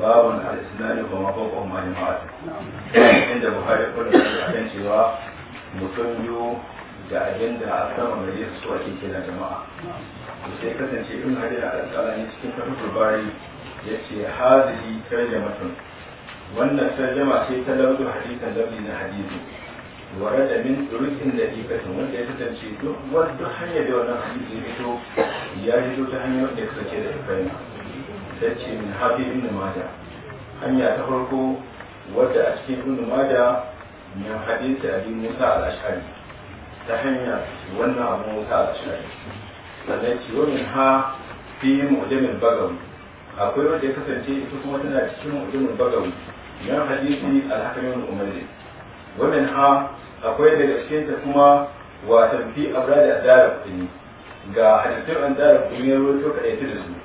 باب الاسلام وما فوقه ما جماعات عند البخاري كل عشان cewa mutum biyu da abin da a sama mai yesu su ake kira jama'a to sai kasance ibn hajar al-asqalani cikin fatul bari yace hadhihi tarjamatun wannan tarjama ce ta lauzu hadisan lafi na hadisi ware da min turukin da wanda ya kasance duk wani hanyar da wannan ya fito ta hanyar da ya kasance da ibrahim sai ce min hafi ibn maja hanya ta farko wadda a cikin ibn maja ne hadisi abi musa al-ashari ta hanya wannan abu musa al-ashari sannan ce wani ha fi mu'jamin bagawi akwai wanda ya kasance ita kuma tana cikin mu'jamin bagawi min hadisi al-hakamin umari wannan ha akwai daga cikin ta kuma wa tafi abra da adara kuni ga hadisin an darab kuni ya rubuto kaɗai da su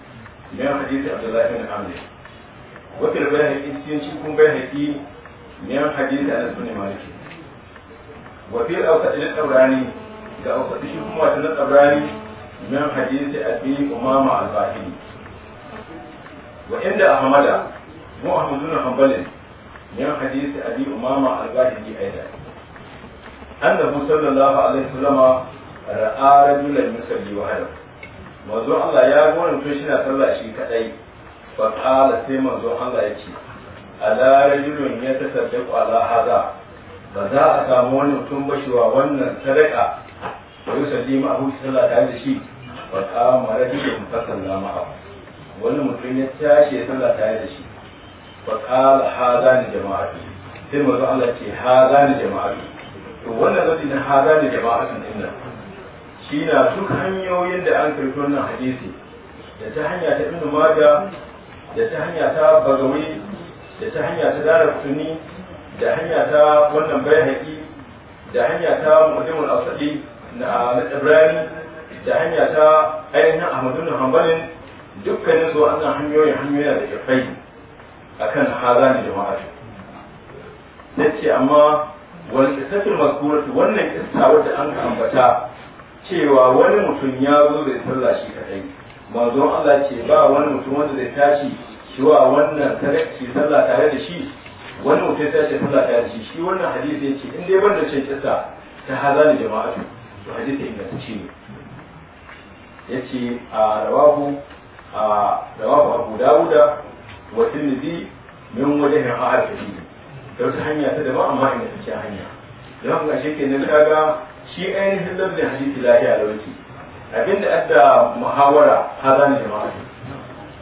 min hadisi abdullahi bin amr wa fil bayhaqi cikin cikin bayhaqi min hadisi anas bin malik wa fil awsat lil tabrani ga awsat shi kuma wata na tabrani min hadisi abi umama al-bahili wa inda ahmada mu ahmad bin hanbal min hadisi abi umama al-bahili aidan annahu sallallahu alaihi wasallama ra'a rajulan yusalli wahdahu manzo Allah ya gona gwaranto shi na sallah shi kadai fa qala sai manzo Allah ya ce ala rajulun ya tasaddaqu ala hada ba za a samu wani mutum ba shi wa wannan sadaka wa yusalli ma abu sallah tare da shi fa qama rajulun fa sallama abu wani mutum ya tashi ya sallah tare da shi fa qala hada ni jama'atu sai manzo Allah ya ce hada ni jama'atu to wannan rabbi ne hada ni jama'atu din nan shi na duk hanyoyin da an karfi wannan hadisi da ta hanya ta ibnu maja da ta hanya ta bagawi da ta hanya ta darar tuni da hanya ta wannan haƙi da hanya ta mu'jamul asadi na ibrahim da hanya ta ainihin na hanbalin dukkanin su wannan hanyoyin hanyoyin da a ne da hazani jama'a ce amma wal qisatul mazkuratu wannan qissa wadda an ambata cewa wani mutum ya zo da sallah shi kadai manzon Allah ce ba wani mutum wanda zai tashi shi wa wannan sadaki sallah tare da shi wani mutum ya tashi sallah tare da shi shi wannan hadisi yace in dai banda cin kisa ta hazali jama'atu to hadisi ta ce. yace a rawahu a rawahu Abu Dawuda wa Tirmidhi min wajhin ahadisi da wata hanya ta daban amma ingantacce hanya dan ga shi kenan kaga shi ainihin lafzin hadisi lahiya da wuce abinda adda muhawara hazan jama'a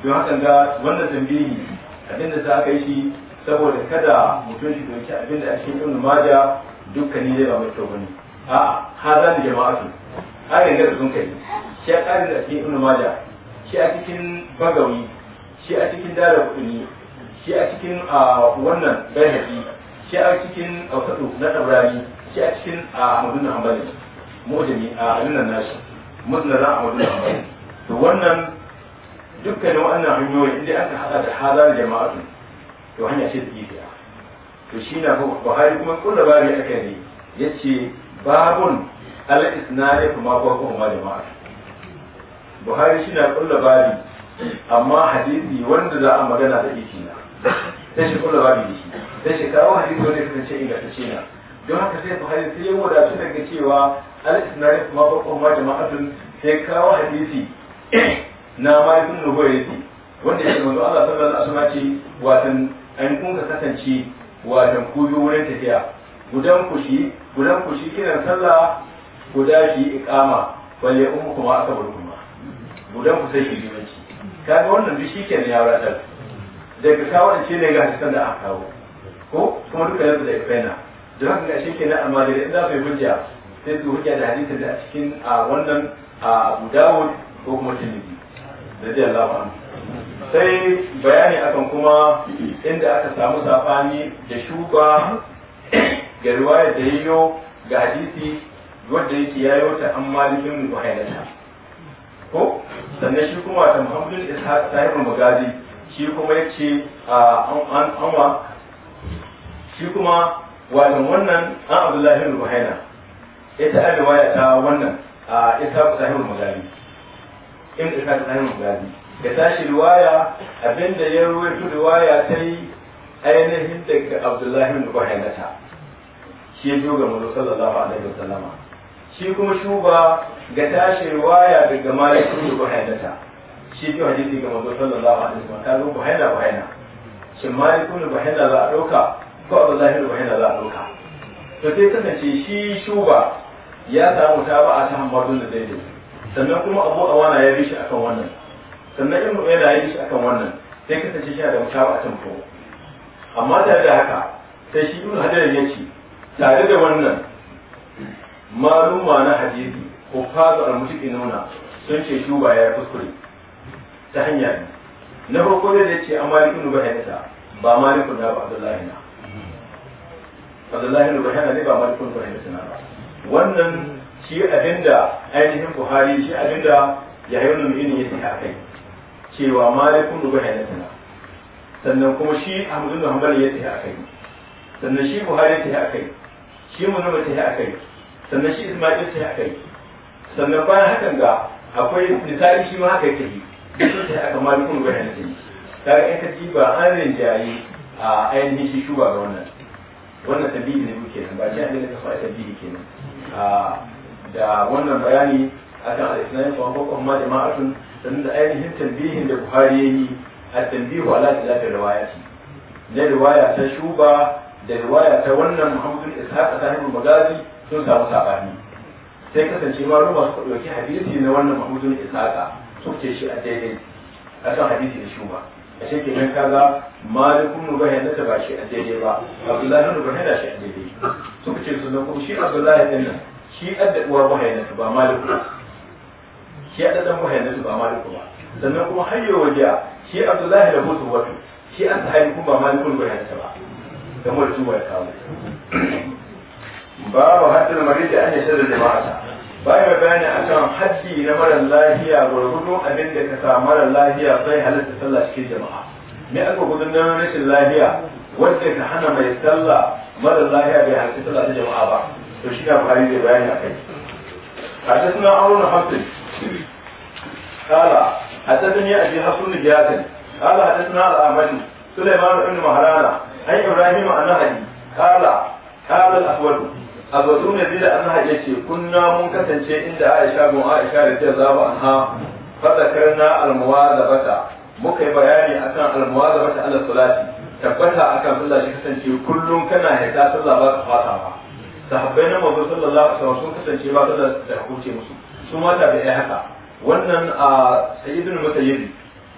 don haka ga wanda tambayi abinda za aka yi shi saboda kada mutum shi doki abinda a cikin ibn maja dukkanin zai ba mai kyau bane a hazan jama'a su yanzu da sun kai shi a ƙarin da cikin ibn maja shi a cikin bagawi shi a cikin dara kuɗi shi a cikin ah, wannan bayhaqi shi a cikin ausatu na tabrani shi a cikin a madina hanbali mujami a alinan nashi za a da hambali to wannan dukkanin wannan hanyoyi inda aka hada da hadar jama'atu to hanya ce da gidiya to shi na buhari kuma kulla bari aka yi ya ce babun na isnani kuma ko kuma jama'atu buhari shi na kulla bari amma hadisi wanda za a magana da ita na sai shi kulla bari da shi sai shi kawo hadisi wanda ya kasance ingantacce na don haka sai buhari sai ya wadatu daga cewa al-isnari kuma bakon ma jama'atun sai kawo hadisi na malikun nubuwaiti wanda ya manzo Allah sallallahu alaihi wasallam ce watan an kun ka kasance watan ku biyo wurin tafiya gudan ku shi gudan ku shi kiran sallah guda shi iqama wal ya kuma aka burkuma gudan ku sai shi limanci kaga wannan duk shikenan ya wadatar daga kawo ce ne ga hadisan da aka kawo ko kuma duka yanzu da ifaina da haka ga shi kenan amma da za su yi hujja sai su hujja da hadisin da a cikin a wannan a Abu Dawud ko kuma Tirmidhi radiyallahu anhu sai bayani akan kuma inda aka samu safani da shuka ga riwayar da yiyo ga hadisi wadda yake yayo ta an malikin muhayyata ko sannan shi kuma ta muhammadul ishaq sahibul magazi shi kuma yace an an shi kuma wato wannan an abdullahi bin muhaina ita an riwaya ta wannan a ita ku sahibul mugabi in ita ku sahibul mugabi ya tashi riwaya abinda ya ruwaito riwaya ta yi ainihin daga abdullahi bin muhaina ta shi biyu ga mulu sallallahu alaihi wa sallama. shi kuma shuba ga tashi riwaya daga malik bin muhaina ta shi biyu hadisi ga mulu sallallahu alaihi wa sallama ta ruwaito muhaina muhaina shin malik bin ruhaina za a ɗauka? ba da lahir wa yana za a ɗauka to sai kasance shi shuba ya samu ta ba a ta hamadu da daidai sannan kuma abu a wana ya bishi akan wannan sannan ibnu yana ya bishi akan wannan sai kasance shi da mutawa a tamfo amma tare da haka sai shi ibnu hajar ya ce tare da wannan maluma na hadisi ko fazu al-mutaqi nuna sun ce shuba ya kuskure ta hanya na farko da ya ce amma ibnu bayyana ba malikun da ba Abdullahi na sallallahu alaihi wasallam ne ba malikun fahimtuna ba wannan shi abinda ainihin buhari shi abinda ya hayo nan yin yake a kai cewa kun malikun rubu hayatuna sannan kuma shi ahmadu bin hanbal ya tafi a kai sannan shi buhari ya tafi a kai shi muhammad tafi a kai sannan shi isma'il tafi a kai sannan bayan hakan ga akwai misali shi ma haka yake yi sun tafi a kan malikun rubu hayatuna kaga in ka ba an rinjaye a ainihin shi shuba ga wannan wannan tabi'i ne muke nan ba ce an da kafa tabi'i kenan da wannan bayani akan al-islam wa huwa kuma jama'atun sannan da ainihin tanbihin da Buhari yayi a tanbihu ala tilafin ce. na riwaya ta shuba da riwaya ta wannan Muhammadu Ishaq sahibul magazi sun samu sabani sai kasance ma ruwa su dauki hadisi na wannan Muhammadu Ishaq suke shi a daidai kan hadisi da shuba a ke nan kaza malikun bai ta ba shi a daidai ba abdullahi nubahin da shi a daidai suka ce sunan kuma shi abdullahi din nan shi adda uwar muhayyinatu ba maliku ba shi adda dan muhayyinatu ba malikun ba sannan kuma hayyo wajiya shi abdullahi da mutu wato shi an ta kuma ba malikun muhayyinatu ba da mutu ya kawo babu haddin maridi an shirin da ta. baya bayani a kan haddi na marar lahiya gwargwado abin da ka samu marar lahiya sai halatta sallah cikin jama'a me aka gudu na rashin lahiya wanda ka hana mai sallah marar lahiya bai halatta sallah cikin jama'a ba to shi ne bukari zai bayani akai. kai a ta suna aruna kala a ta suna yi a jihar sunu biyatin kala a ta suna al'amari sulaiman ibn maharana an ibrahim annahadi kala kala al'afwadu da bin anha ce kunna mun kasance inda Aisha gun Aisha radiyallahu anha da bata? muka yi bayani akan almuwazabata ala salati tabbata akan sallah shi kasance kullum kana haita sallah ba ka fata ba sahabbai na mabu sallallahu alaihi wasallam sun kasance ba sallah da hukunce musu su mata da ya haka wannan a sayyidul mutayyib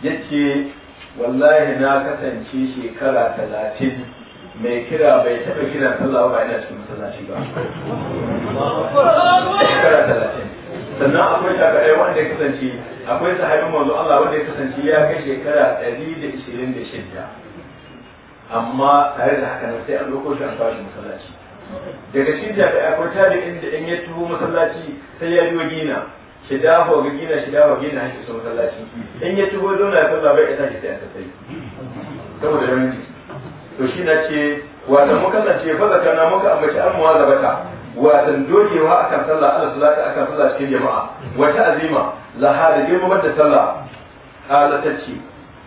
yace wallahi na kasance shekara talatin mai kira bai taɓa kira sallah ba yana cikin masallaci ba shekara talatin sannan akwai shafi'ai wanda ya kasance akwai sahabin manzo Allah wanda ya kasance ya kai shekara ɗari da ishirin da shida amma tare da haka sai an ɗauko shi an kawo shi masallaci daga cikin shafi'ai akwai tabi'in da in ya tuhu masallaci sai ya biyo gina shi dawo ga gina shi dawo gina hanyar su masallaci in ya tuho dole ya sallah bai ya tashi sai an kasai saboda to shi na ce watan muka zance fa na muka ambaci an muwazabata watan dogewa akan sallah ala salati akan sallah cikin jama'a wata azima laha da girmamar da sallah kala ta ce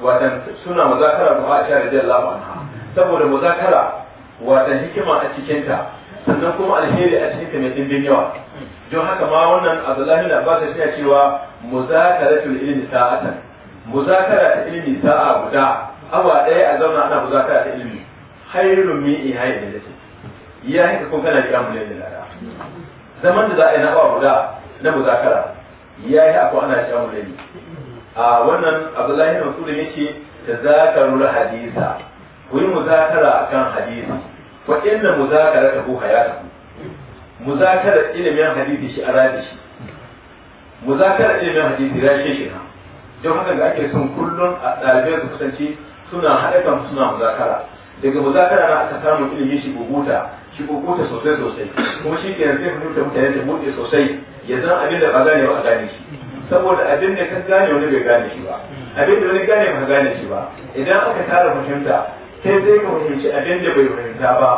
watan suna muzakara da Aisha radiyallahu anha saboda muzakara watan hikima a cikin ta sannan kuma alheri a cikin ta mai dimbin yawa don haka ma wannan Abdullahi na ba ta shi cewa muzakaratul ilmi sa'atan muzakara ta ilmi sa'a guda awa ɗaya a zauna ana muzakara ta ilmi khairun min ihai da lati ya haka kun kana kira mulai da lara zaman da za a yi na ba guda na muzakara ya yi akwai ana kira mulai a wannan abdullahi masulun ce ta zakarul hadisa ku yi muzakara akan hadisi wa inna muzakara ta ku hayata muzakara ilimin hadisi shi a arabi shi muzakara ilimin hadisi ya shi shi don haka da ake son kullum a ɗalibai su kusanci suna haɗa kan suna muzakara daga muzakara na aka samun ilimi shi guguta shi guguta sosai sosai kuma shi ke yanzu fahimta mutane ta buɗe sosai ya zan abin da ba gane ba a gane shi saboda abin da ka gane wani bai gane shi ba abin da wani gane ba gane shi ba idan aka tara fahimta sai zai ka fahimci abin da bai fahimta ba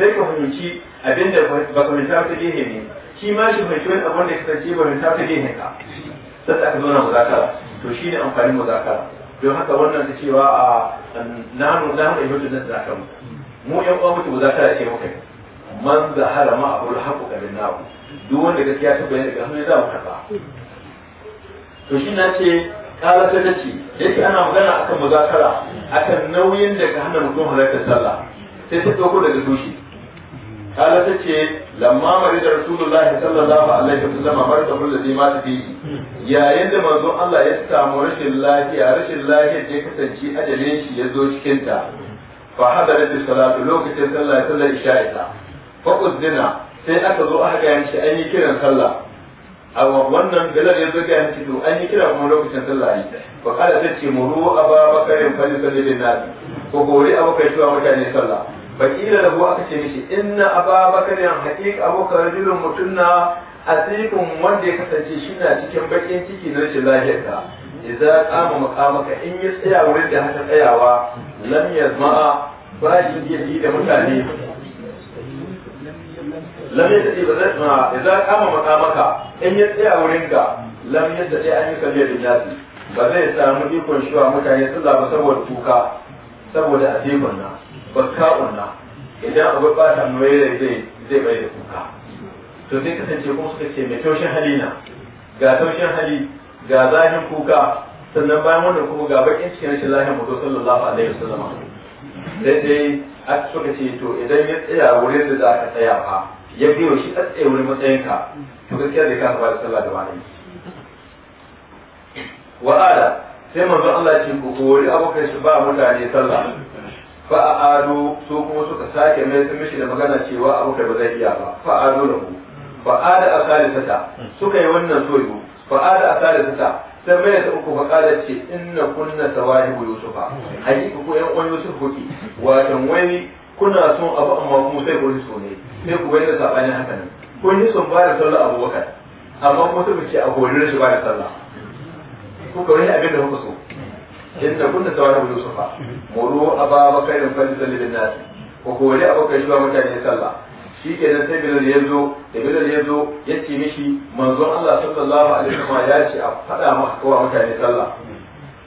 sai ka fahimci abin da ba fahimta ta gehe ne shi ma shi fahimci wani abin da kasance ba fahimta ta gehe ka sai aka zo na muzakara to shi ne amfanin muzakara don haka wannan ta cewa a nanu yi ibnu da zaka mu yan uwa mutu za ta ce muka man zahara ma abul haqu kabin ku duk wanda gaskiya ta bayyana ga hannu za mu karba to shi na ce kala ta ce yake ana magana akan muzakara akan nauyin da ga hana mutum halartar sallah sai ta dauko daga tushe kala ta ce lamma da rasulullahi sallallahu alaihi wasallam markabu alladhi mata fihi yayin da manzon Allah ya samu rashin lafiya rashin lafiya da ya kasance ajalin shi ya zo cikin ta fa hadarat salatu lokacin sallah sallar isha'i ta fa uzdina sai aka zo aka ya shi an yi kiran sallah a wannan bilal ya zo ga shi an yi kira kuma lokacin sallah yi fa ta ce muru ababakarin fa li salli bin nas ko gori a shi wa mutane sallah bakila da aka ce mishi inna ababakar yan haƙiƙa abokan rajulun mutum na asikun wanda ya kasance shi na cikin bakin ciki na rashin lafiyarka idza qama maqamaka in ya tsaya wurin da haka tsayawa lam yazma'a ba shi yi da mutane lam yastati ba zai ma idza qama maqamaka in ya tsaya wurin ka lam yastati an yusalli da nas ba zai samu ikon wa mutane sallah ba saboda tuka saboda asikun na bakka'un idan abu ba ta mai zai zai bai da kuka to sai kasance kuma suka ce mai taushin hali na ga taushin hali ga zahin kuka sannan bayan wannan kuma ga bakin cikin rashin lahin mu sallallahu alaihi wasallam sai dai aka suka ce to idan ya tsaya wurin da za ka tsaya fa ya biyo shi a tsaye wurin matsayinka to gaskiya zai kasa ba da sallah da wani wa'ada sai manzo Allah ce ku kori abokan shi ba mutane sallah fa'adu ado su kuma suka sake mai sun mishi da magana cewa abu ba zai iya ba fa'adu ado ku fa'ada a salisata suka yi wannan soyu fa'ada a salisata sai mai da uku fa'ada ce inna kunna bu yusufa hakika ko yan uwan yusuf kuke wato wani kuna son abu amma kuma sai ku so ne sai ku bayyana sabanin haka nan kun yi son ba da sallah abubakar amma kuma sai ke ce a horin shi ba da sallah ku kawai abin da kuka so inda kunna tawara bu yusufa muru aba bakarin falisalli bin nas ko kore abokai shi ba mutane sallah shi ke nan sai bilal ya zo da bilal ya zo ya ce mishi manzon Allah sallallahu alaihi wa wasallam ya ce a faɗa maka kowa mutane sallah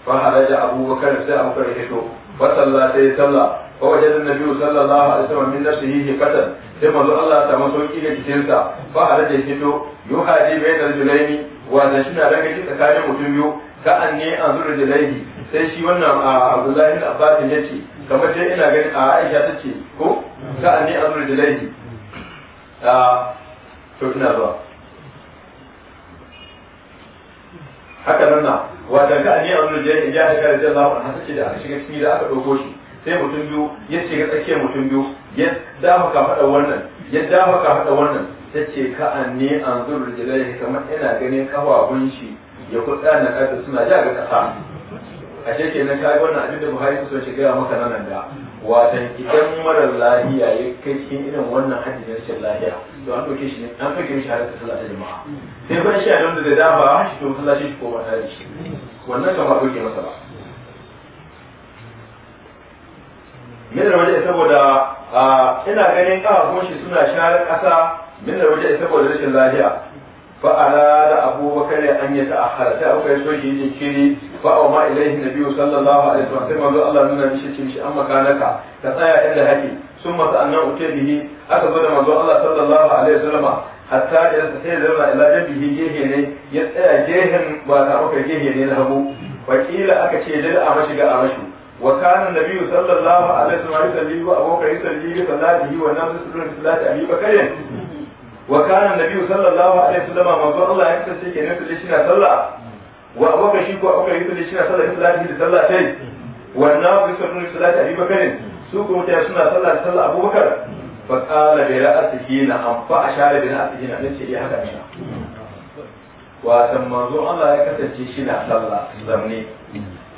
fa haraja abubakar sai abubakar ya fito fa sallah sai sallah fa wajada annabi sallallahu alaihi wa wasallam min nafsihi hikatan sai manzon Allah ya samu sauki ga jikinsa fa haraja ya fito yuhadi bainal julaini wa shi na daga tsakanin mutum biyu ka'an ne an zura da laifi sai shi wannan abdullahi da abbasin ya ce kamar dai ina ganin a aisha ta ce ko ka'an ne an zura da laifi a ina zuwa haka nan na wata ka'an ne an zura da laifi ya ta kare jan lafa ta ce da aka shiga ciki da aka ɗauko shi sai mutum biyu ya shiga tsakiyar mutum biyu ya dama ka faɗa wannan ya dama ka faɗa wannan ta ce ka'an ne an zura da laifi kamar ina ganin kafafun shi ya da na ƙarfi suna ja ga ƙasa a ke na kai wannan abin da buhari kusa ce gaya maka nan da watan idan marar lahiya ya kai cikin irin wannan hajji na rashin lahiya to an ɗauke shi ne an ɗauke shi ta sallah ta jama'a sai ban shi a nan da zai dafa shi to masallaci shi ko ba tare shi wannan kan ba ɗauke masa ba min da waje saboda ah, ina ganin ƙafafun shi suna share ƙasa min da waje saboda rashin lahiya fa arada abu bakar an ya ta'akhara sai abu ya so shi jinkiri fa aw ma ilaihi nabiyyu sallallahu alaihi wasallam sai manzo Allah nuna mishi cin shi amma kanaka ka tsaya inda hake sun masa annan uke bihi aka zo da Allah sallallahu alaihi wasallama hatta ya sai da zama ila jabihi gehe ne ya tsaya gehen ba ta aka gehe na hagu wakila aka ce dal a mashi ga a wa kana sallallahu alaihi wa wa kana nabi sallallahu alaihi wasallam manzo Allah ya kace ke nan kulli shina sallah wa abubakar shi ko abubakar yi kulli shina sallah islahi da sallah sai wannan bi sunnu salati abi bakar su ko mutaya suna sallah da sallah abubakar fa qala bi ra'sihi na an fa ashara bi ra'sihi na nace ya eh haka ne wa san manzo Allah ya kasance shi na sallah zamne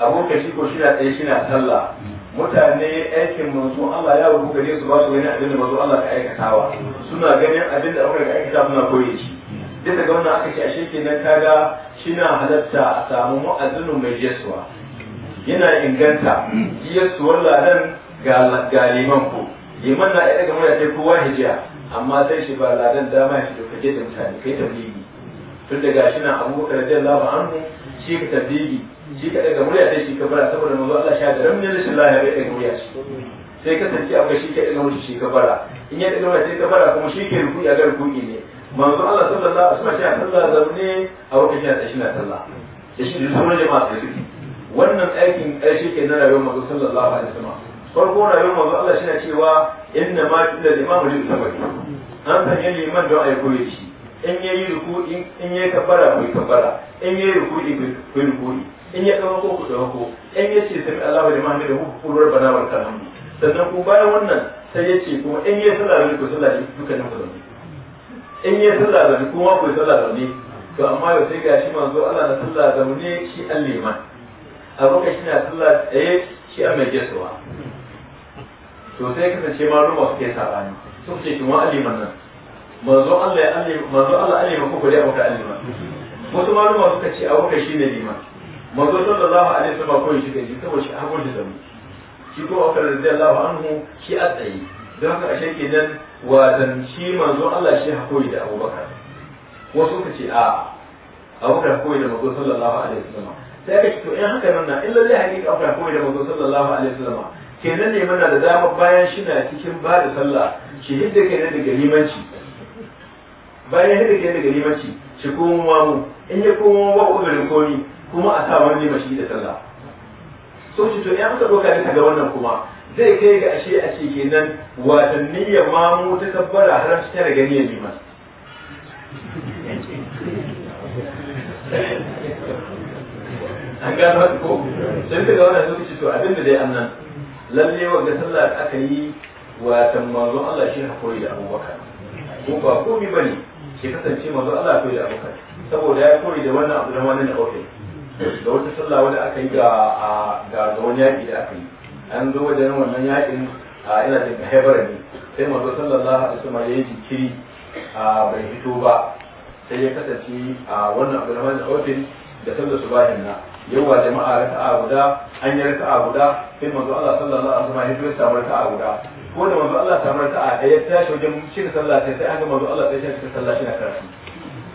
abubakar shi ko shi na tsaye shi na sallah mutane aikin manzo Allah ya rubuta ne su ba su wani abin da manzo Allah ka aikatawa suna ganin abin da aka ka aikata suna koyi shi duk da gwamna aka ce ashe nan kaga shi na halatta a samu mu'azzinin mai yesuwa yana inganta yesuwar ladan ga liman ko liman na ɗaya daga mai ce kowa hijiya amma sai shi ba ladan dama shi da kake da mutane kai tabbibi tun daga shi na abubakar ba anhu shi ka tabbibi shi ka daga murya sai shi ka bara saboda manzo Allah sha da ramin rashin lafiya bai ɗaga murya shi sai kasance akwai shi ka daga murya shi ka bara in ya daga murya sai ka bara kuma shi ke ruku'i a ga ruku'i ne manzo Allah sallallahu alaihi wasallam ya sallah zaune a wakati ya tashi na sallah da shi da sauran jama'a sai wannan aikin ƙarshe ke na rayuwar manzo sallallahu alaihi wasallam farko rayuwar manzo Allah shi na cewa inna ma tilla limamu lil sabaki an san yin liman don ayi koyi shi in yayi ruku'i in yayi kabbara ko kabbara in yayi ruku'i ko ruku'i in ya ko ku ko, in ya ce sami Allahu liman da hukun kulur bana kan hannu, sannan ku bayan wannan sai ya ce kuma in ya sallah da ku sallah dukkanin ku zaune in ya sallah da ku ma ku sallah to amma yau sai gashi manzo Allah na sallah ne shi al-liman ka shi na sallah tsaye shi an mai gesuwa to sai kasance ma ruwa suke sabani sun ce kin wa al nan manzo Allah ya manzo Allah alima ko ku dai abokan al-liman wasu ma ruwa suka ce abokan shi ne liman manzo sallallahu alaihi wasallam ko shi kai saboda shi hagun da zami shi ko Abu Bakar radiyallahu anhu shi a tsaye don haka ashe kenan watan shi manzo Allah shi hakuri da abubakar. Bakar wasu ka ce a abubakar Bakar da manzo sallallahu alaihi wasallam sai ka ce to in haka nan na illa lai hakika Abu Bakar da manzo sallallahu alaihi wasallam kenan ne muna da dama bayan shi na cikin ba da sallah shi hidda kenan daga limanci bayan hidda kai daga limanci shi kuma mu in ya kuma wa ko ni. kuma a sa wani mashi da sallah so shi to ya muka doka ka ga wannan kuma zai kai ga ashe a ce kenan watan ma mamu ta tabbara har ta tana gani ya ma an gano haka ko sai ga wannan lokaci to abin da dai annan lalle wanda sallah da aka yi watan manzo Allah shi hakuri da Abubakar ko ba komai bane ke kasance manzo Allah hakuri da Abubakar saboda ya kori da wannan abu da Auf da wata sallah wadda aka yi ga wani yaƙi da aka yi an zo wajen wannan yaƙin ina da haibara ne sai manzo sallallahu alaihi wasallam ya yi jikiri bai fito ba sai ya kasance a wannan abu da ofin da sallar su bayan na yawa jama'a a guda an yi a guda sai manzo Allah sallallahu alaihi wasallam ya fito samu a guda ko da manzo Allah samu a da ya tashi wajen cika sallah sai sai an ga manzo Allah sai ya cika sallah shi na karatu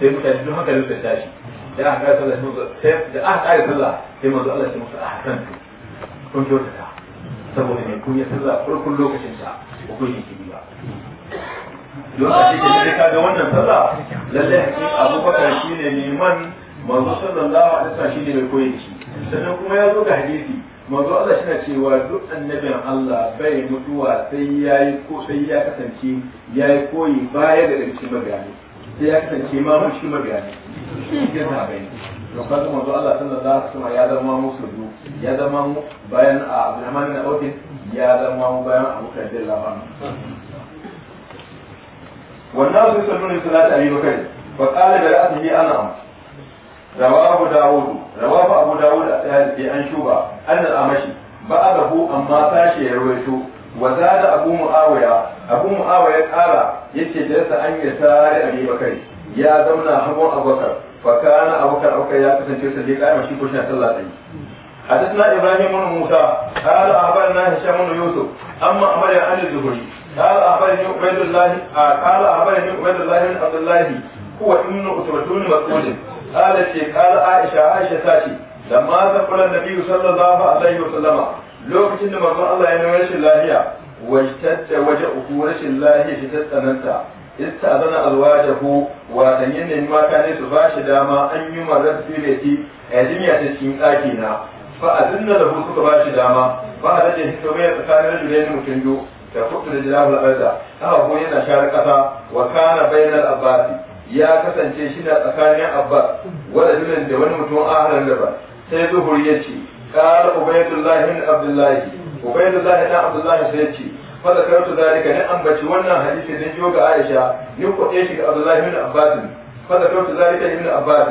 sai mutane duk haka ne su tashi da aka kai sallah mun sai da aka kai sallah sai manzo Allah ya ne ah, kun yi sallah farkon lokacin ta ba kun yi kibiya lokacin da ka ga wannan sallah lalle hakika Abubakar shine neman manzo sallallahu alaihi wasallam shine mai koyi shi sannan kuma ya zo ga hadisi manzo Allah shi cewa duk annabin Allah bai mutuwa sai yayi ko ya koyi baya da cikin magani sai ya ma mushi to kaga allah Allah sallallahu alaihi wasallam ya zama musulmi ya zama mu bayan a Abdurrahman bin Auf ya zama mu bayan a Bakar radiyallahu anhu wannan su sallon salatu Abi ba fa da bi ra'sihi ana rawahu Dawud rawahu Abu a al-Tahawi an shuba an al-Amashi ba a ba'adahu amma sashi ya rawaito wa zada Abu Muawiya Abu Muawiya ya kara yace da sa an yi sare Abi Bakar ya zauna hagun abubakar Fakana kana abubakar abubakar ya kasance sadiqa ya mashi kushin sallah tsayi حدثنا ابراهيم بن موسى قال اخبرنا هشام بن يوسف اما عمر عن الزهري قال اخبرني عبيد الله قال اخبرني عبيد الله بن عبد الله هو ابن اسرة بن مسعود قال قال عائشه عائشه تاتي لما ذكر النبي صلى الله عليه lokacin da manzon Allah ya nuna rashin lafiya wajtatta waje uku rashin lahiya shi ta istazana alwajahu wa dan yin ma ka ne su bashi dama an yi marar filati a jinya ta cikin daki na fa azinna lahu ba bashi dama ba da jin hito mai tsakanin ne mutum biyu da kudu da jilahul arda haka ko yana shara kasa wa kana bainal abbasi ya kasance shi da tsakanin abbas wanda dilin da wani mutum ahalan da ba sai zuhur ya ce qala ubaydullahi na abdullahi ubaydullahi na abdullahi sai ce fadakartu zalika ni ambaci wannan hadisi ne jiyo ga Aisha ni kwaɗe shi ga Abdullahi ibn Abbas fadakartu zalika ibn Abbas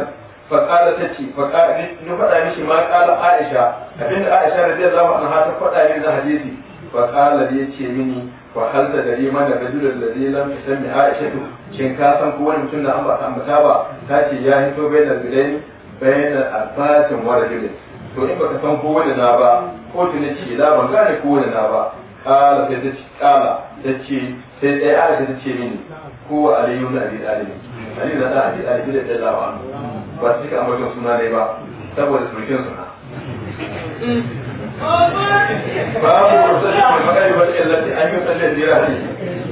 fa qala tace fa qala ni faɗa mishi ma qala Aisha abinda Aisha radiyallahu anha ta faɗa min da hadisi fa qala yace mini wa da tadri man rajul alladhi lam tusammi Aisha shin ka san ko wani mutum da an ba ambata ba ta ce ya hito bai al-bidaini bai al-abbasin wa rajulin to in ba baka san ko wani na ba ko tuni ce la ban gane ko wani na ba kala sai ta ce kala ta ce sai ɗaya aisha ta ce mini kowa aliyu na abi ɗalibi aliyu na ɗan abi ɗalibi da ɗaya lawa ba su cika ambaton suna ne ba saboda surkin suna babu rusati mai magani bar illati an yi sallar jira ne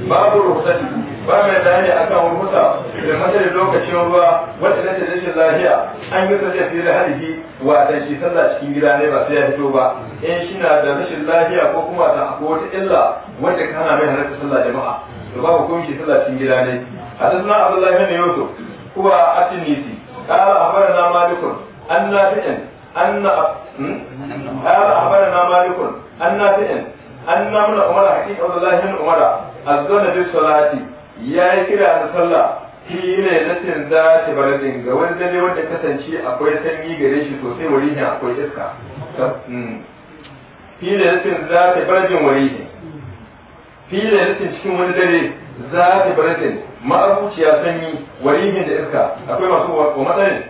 babu rusati ba mai a kan hukunta da matsayin lokacin ruwa wata na rashin lafiya an yi tafiya fi da halihi wa shi sallah cikin gida ne ba sai ya fito ba in shi na da rashin lafiya ko kuma ta akwai wata illa wanda ka mai halarta sallah jama'a to ba hukunci sallah cikin gida ne حدثنا عبد الله بن يوسف هو التنيسي قال اخبرنا مالك ان نافع an قال اخبرنا مالك ان نافع ان من عمر حقيقه عبد الله بن عمر الزنا بالصلاه ya yi kira da sallah shi ne nasin za ta baradin ga wani dare wanda kasance akwai sanyi gare shi sosai wari ne akwai iska hmm. shi ne nasin za ta baradin wari ne shi ne nasin cikin wani dare za ta baradin ma'abuciya sanyi wari da iska akwai masu wa matsayin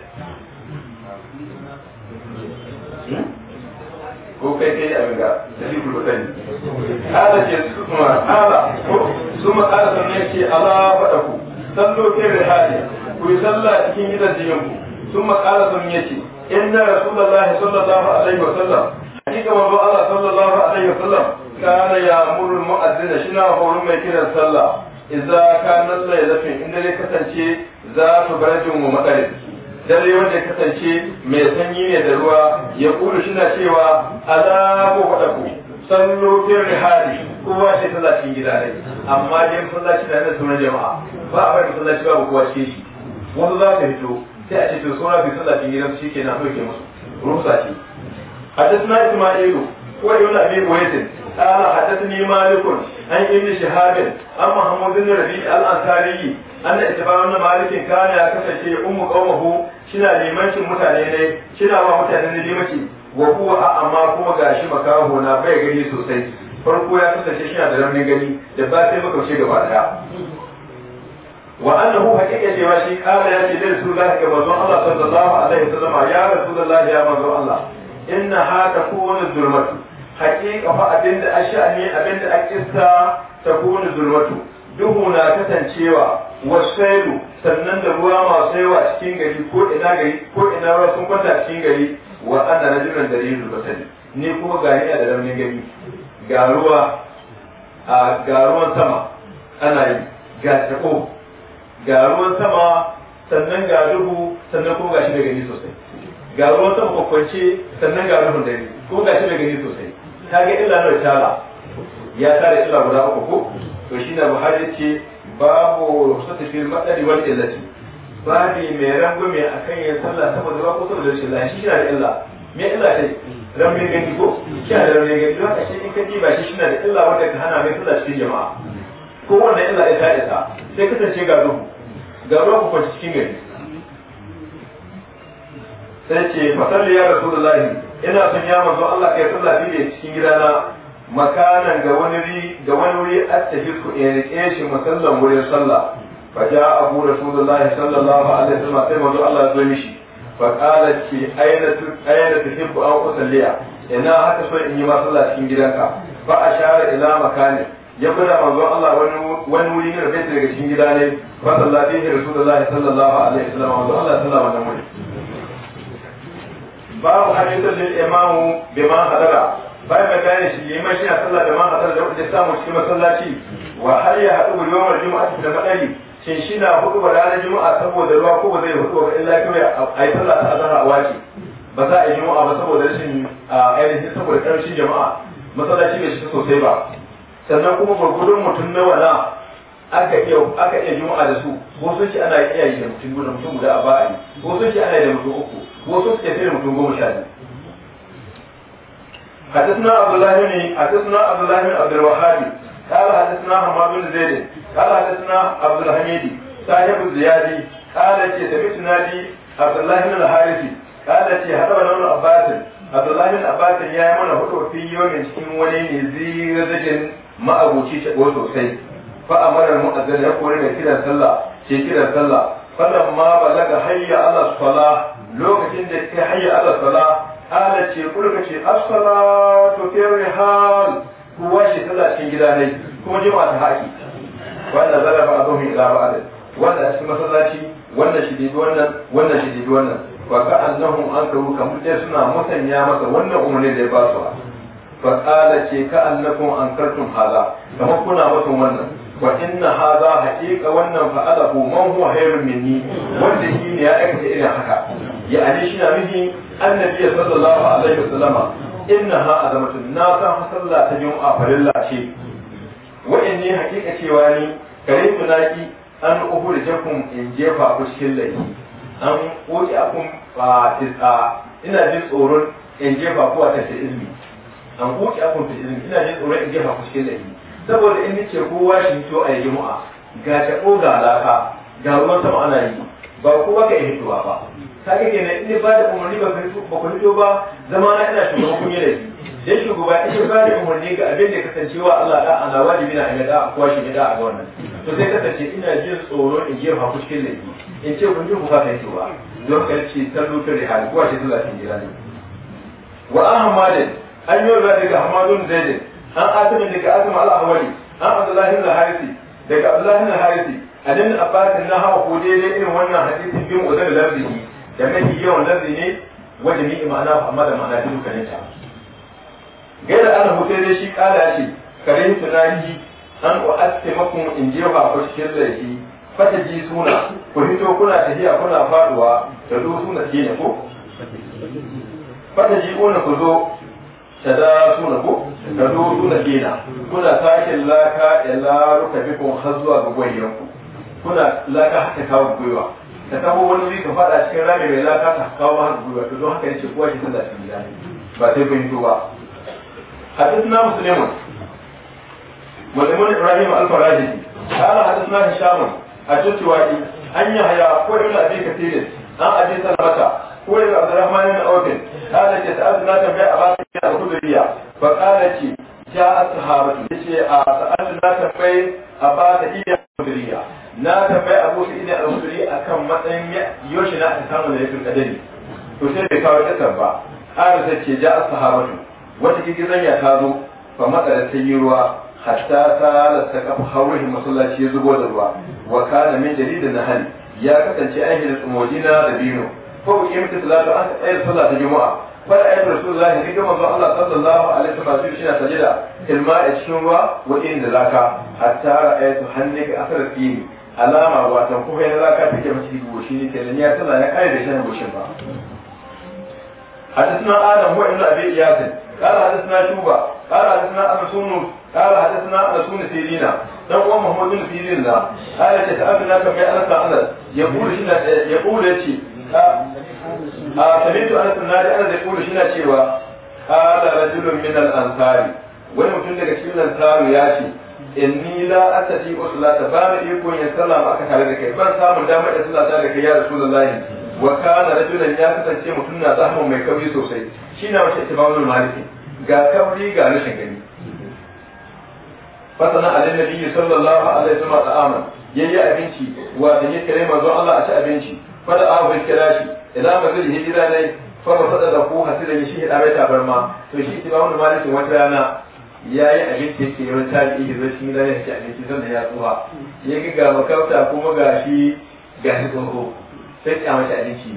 ko kai kai abin da dalilul batani hada ke su kuma hada ko su ma hada sannan ce ala fadaku sallo ke da hali ku yi sallah cikin gidan gidajen ku sun makara sun yace inna rasulullahi sallallahu alaihi wasallam hakika manzo Allah sallallahu alaihi wasallam kana ya'muru al-mu'adhdhin shina horon mai kiran sallah idza kana lailatin inda ne kasance za ta barajin mu madarib dare wanda ya kasance mai sanyi ne da ruwa ya kulu shi na cewa azabu faɗaku san lokacin rihari kowa shi sallacin gida ne amma dai sallaci da na sunan jama'a ba a bari sallaci babu kowa ce shi wanda za ka fito sai a ce to sura sun sallacin gidan shi ke na ɗauke musu rusa ce a حدثنا إسماعيل وابن أبي ta قال حدثني Malikun. an shi shahabin an muhammadin rabi al ita anna ittifaqan malikin kana ya kasance ummu qawmuhu kina limancin mutane ne kina wa mutane ne limanci wa huwa amma kuma gashi makaho na bai gani sosai farko ya kasance shi da raunin gani da ba sai muka ce gaba daya wa annahu haqiqa cewa shi kala ya ce da rasulullahi ga manzon Allah sallallahu alaihi wasallam ya rasulullahi ya manzon Allah inna ha takunu zulmatu haƙiƙa fa abinda ashani abinda akista ta kunu zulmatu duhu na kasancewa wasailu sannan da ruwa masu yawa cikin gari ko ina gari ko ina ruwa sun kwanta cikin gari wa ana rajulun da yin basali ni kuma gari ni a da raunin gari ga a ga sama ana yi ga tako ga sama sannan ga duhu sannan ko ga shi daga ni sosai ga sama kwakwance sannan ga duhun dare ko ga shi daga ni sosai kage illa da tara ya tare illa guda uku ko to shine buhari ce babu rukhsati fil madari wal illati babi mai rangume akan yin sallah saboda ba kusur da shi la shi na da illa me illa ce ga gani ko kina da ga gani haka shi in ka ba shi na da illa wanda ka hana mai sallah cikin jama'a ko wanda illa ita ita sai kasance ga duhu ga ruwa ku cikin gari sai ce fasalli ya rasulullahi ina son ya mazo Allah kai sallah da cikin gidana makanan ga wani ri ga wani wuri attahiku in rike shi musallan wurin sallah fa ja abu rasulullahi sallallahu alaihi wasallam sai mazo Allah ya zo mishi fa qala ki aina tu aina tuhibbu an usalliya ina haka so in yi ma sallah cikin gidanka fa ashara ila makani ya bada manzo Allah wani wani wuri ne da daga cikin gida ne fa sallallahu alaihi wasallam manzo Allah sallallahu alaihi wasallam babu hadisin da imamu bi ma hadara bai mai bayani shi yayi mai shi sallah da ma hadara da wanda samu cikin masallaci wa har ya hadu da yawan juma'a da madari shin shi na hudu ba ranar juma'a saboda ruwa ko ba zai hudu ba illa kawai a yi sallah ta azara a wace ba za a yi juma'a ba saboda rashin ainihin saboda karshen jama'a masallaci bai shi sosai ba sannan kuma gurgurun mutum nawa na aka iya aka iya juma'a da su ko sun ana iya yi da mutum guda mutum guda a ba'a yi ko sun ana yi da mutum uku wasu suke fiye mutum goma sha biyu hadis na abdullahi ne hadis na abdullahi abdulwahabi kala hadis na hamadu zaidi kala hadis na abdulhamidi sahibu ziyadi kala ce tafi tunadi abdullahi na harisi kala ce hada wa nauna abbasin abdullahi na abbasin ya yi mana hudu fiyo min cikin wani ne zirgin ma'abuci ta ɓo sosai fa a marar mu'azzal ya kori da kiran sallah ce kiran sallah fallan ma ba balaga hayya allah sallah lokacin da ta hayya ala sala ala ce kulka ce as to fi hal. kowa shi sallah cikin gida ne kuma jama'a ta haƙi wanda zo hin ila ba'd wanda cikin masallaci wanda shi dibi wannan wanda shi dibi wannan wa ka annahum ankaru kamar dai suna musanya masa wannan umarni da ya ba su fa ala ce ka annakum kartum hala kuma kuna wato wannan wa inna hadha haqiqa wannan fa'alahu man huwa hayrun minni wanda shi ne ya aikata irin haka يعني شنا به النبي صلى الله عليه وسلم إنها أزمة الناس حصل تجمع فلله شيء وإني حقيقة شواني كريم ناكي أن أخرجكم إن جيفا أشكل لي أن أوجأكم فتسعى إن جيس أورون إن جيفا قوة تسعلمي أن أوجأكم تسعلمي إن جيس أورون إن جيفا أشكل لي saboda in تشكوا kowa shi جمعة a yi jumu'a سمعنا ta ba ba ka yi mutuwa ba ke kenan inda ba da umarni ba ka ba ku hito ba zama na ina shugaban kun yi da shi dan shugaba in ba da umarni ga abin da kasancewa Allah da Allah wajibi na ina da kuwa shi da ga wannan to sai kasance ina jin tsoro in je ba cikin laifi in ce kun ji ku ba ka hitowa don ka ce sallu ta rihal kuwa shi zuwa cikin jira ne wa ahmadin an yi wa daga hamadun zaidin an asimin daga asim al an abdullahi al-harisi daga abdullahi al-harisi hadin abadin na hawa ko daidai irin wannan hadisin bin uzur lafzihi da mafi yawan lafzi ne wajen ni ma'ana amma da ma'ana duk dukkanin ta gaida an hoto dai shi kala shi karin tunahi an ku astimakum in jefa ku cikin laifi fata ji suna ku hito kuna tafiya kuna faduwa da zo suna ke ne ko fata ji kuna ku zo ta suna ko da zo suna ke na kuna sakin laka ila ruka bikon har zuwa ga gwayen ku kuna laka haka kawo gwiwa ta kawo wani zai ka faɗa cikin rami mai laka ta kawo ma gwiwa to don haka yace kowa shi san da shi ba sai bin ba hadisna muslimu muslimun ibrahim al-faraji kana na hisham a cikin wadi an yi haya ko ibn abi kathir an aje salmata ko ibn abdurrahman bin awf kana ke ta azna ta bai aba al-khudriya fa kana ce ja'a sahabatu yace a ta azna ta bai aba ta iya al-khudriya na tambayi abu su ina a akan matsayin yoshi na a samu da yakin kadari to sai bai kawo kasar ba har sai ce ja sahabatu. wata girgizan ya ta zo fa matsala sai yi ruwa hatta sala ta kafa hauruhi masallaci ya zubo da ruwa wa kana min na hali ya kasance an hidda tsumojina da bino ko ku yi mutu salatu an tsaye sallah ta juma'a fara ayat rasulullahi ne ga manzo Allah sallallahu alaihi wasallam shi na sajida ilma a cikin ruwa wa inda laka hatta ra'aytu hannaka asar fini alama ba ta yana zaka ta ke mace gibo shi ne ke da niyyar tana ya kare da shi na goshin ba a ta suna adam wa inda abin iyasin kara hada suna shuba kara hada suna alasunu kara hada suna alasunu sirina dan uwan mahmudu na sirin da kara ce ta abin da aka kai alasa ya kula ce a ah, kamitu ah, ana suna da ana zai kula shi na cewa kara rajulun min al'ansari wani mutum daga cikin al'ansari ya ce inni la atati salata ba mu iko yin sallah aka tare da kai ban samu damar da sallah da kai ya rasulullahi wa kana rajulan ya kasance mutum na zahmu mai kauri sosai shi na wace itibamul maliki ga kauri ga rashin gani fasana alin nabiyyi sallallahu alaihi wasallam ta'ama yayi abinci wa da yake rai manzo Allah a ci abinci fada abu kirashi idan mazil hijira dai fa fasada da ku hasira shi da mai tabarma to shi itibamul maliki wata rana ya yi abinci ke yake wata da ihe zai shi da yake abinci zan da ya tsuwa ya ga ga makauta kuma ga shi ga shi tsoho sai ya mace abinci